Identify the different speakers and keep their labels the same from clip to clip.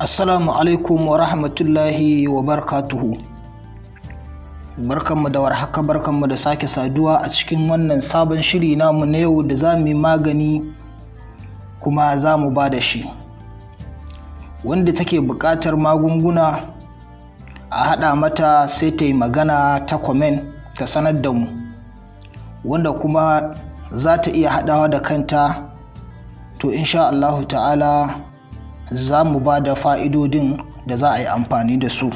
Speaker 1: Assalamu alaikum wa rahmatullahi wa barkatuhu. Barkanmu da warhaka barkanmu da sake saduwa a cikin wannan sabon shiri namu na yau da za mu yi magani kuma za mu ba da shi. Wanda take buƙatar magunguna a haɗa mata sai ta yi magana ta kwamen ta sanar da mu. Wanda kuma za ta iya haɗawa da kanta to insha Allahu ta'ala za mu ba da fa'idodin da za a yi amfani da su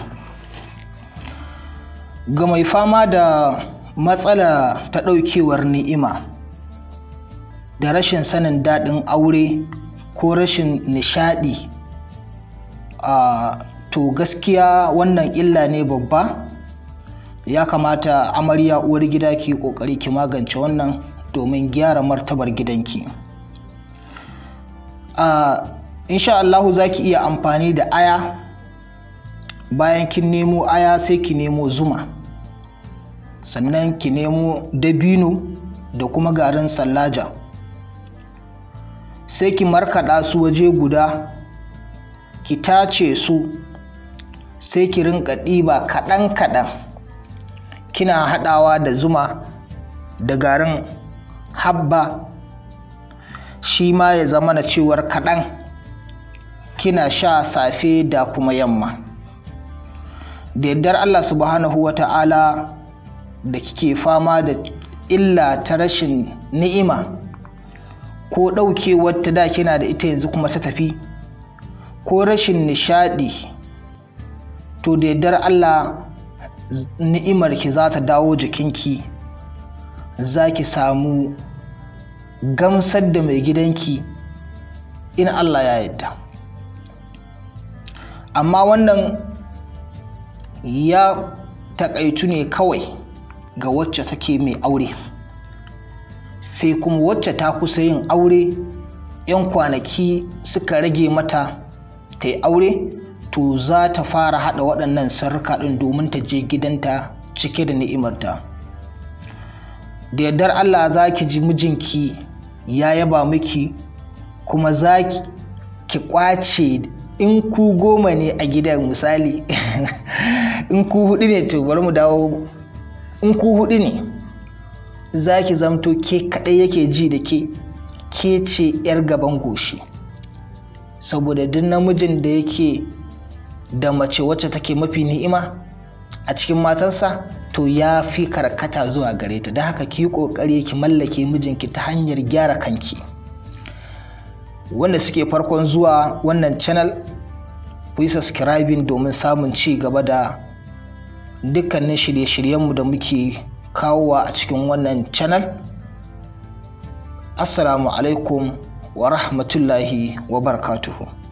Speaker 1: ga mai fama da matsala ta ɗaukewar ni'ima da rashin sanin daɗin aure ko rashin nishaɗi a to gaskiya wannan illa ne babba ya kamata amarya uwar gida ki ƙoƙari ki magance wannan domin gyara martabar gidanki a insha Allahu za ki iya amfani da aya bayan kin nemo aya sai ki nemo zuma sannan ki nemo dabino da kuma garin sallaja sai ki markaɗa su waje guda ki tace su sai ki rinka ɗiba kaɗan-kaɗan kina haɗawa da zuma da garin habba shi ma ya zama na cewar kaɗan kina sha safe da kuma yamma da yardar allah subhanahu wa ta'ala da kike fama da illa ta rashin ni'ima ko ɗaukewar ta da kina da ita yanzu kuma ta tafi ko rashin nishaɗi to da yardar allah ni'imarki za ta dawo jikinki za ki samu gamsar da mai gidanki in allah ya yadda amma wannan ya takaitu ne kawai ga wacce take mai aure sai kuma wacce ta kusa yin aure 'yan kwanaki suka rage mata ta yi aure to za ta fara haɗa waɗannan sarka ɗin domin ta je gidanta cike da ni'imarta da yardar allah za ki ji mijinki ya yaba miki kuma za ki kwace in ku goma ne a gida misali in ku hudu ne to bari mu dawo in ku hudu ne za ki zamto ke kaɗai yake ji da ke ke ce 'yar gaban goshi saboda duk namijin da yake da mace wacce take mafi ni'ima a cikin matansa to ya fi karkata zuwa gare ta don haka ki yi ƙoƙari ki mallake mijinki ta hanyar gyara kanki. wanda suke farkon zuwa wannan channel ku yi subscribing domin samun ci gaba da dukkanin shirye-shiryenmu da muke kawowa a cikin wannan channel assalamu alaikum wa rahmatullahi wa barakatuhu